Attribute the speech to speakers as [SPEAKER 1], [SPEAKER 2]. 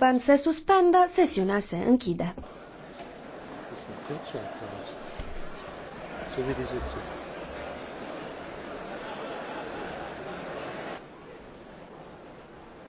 [SPEAKER 1] Pan se suspendă, sesiunea se închide.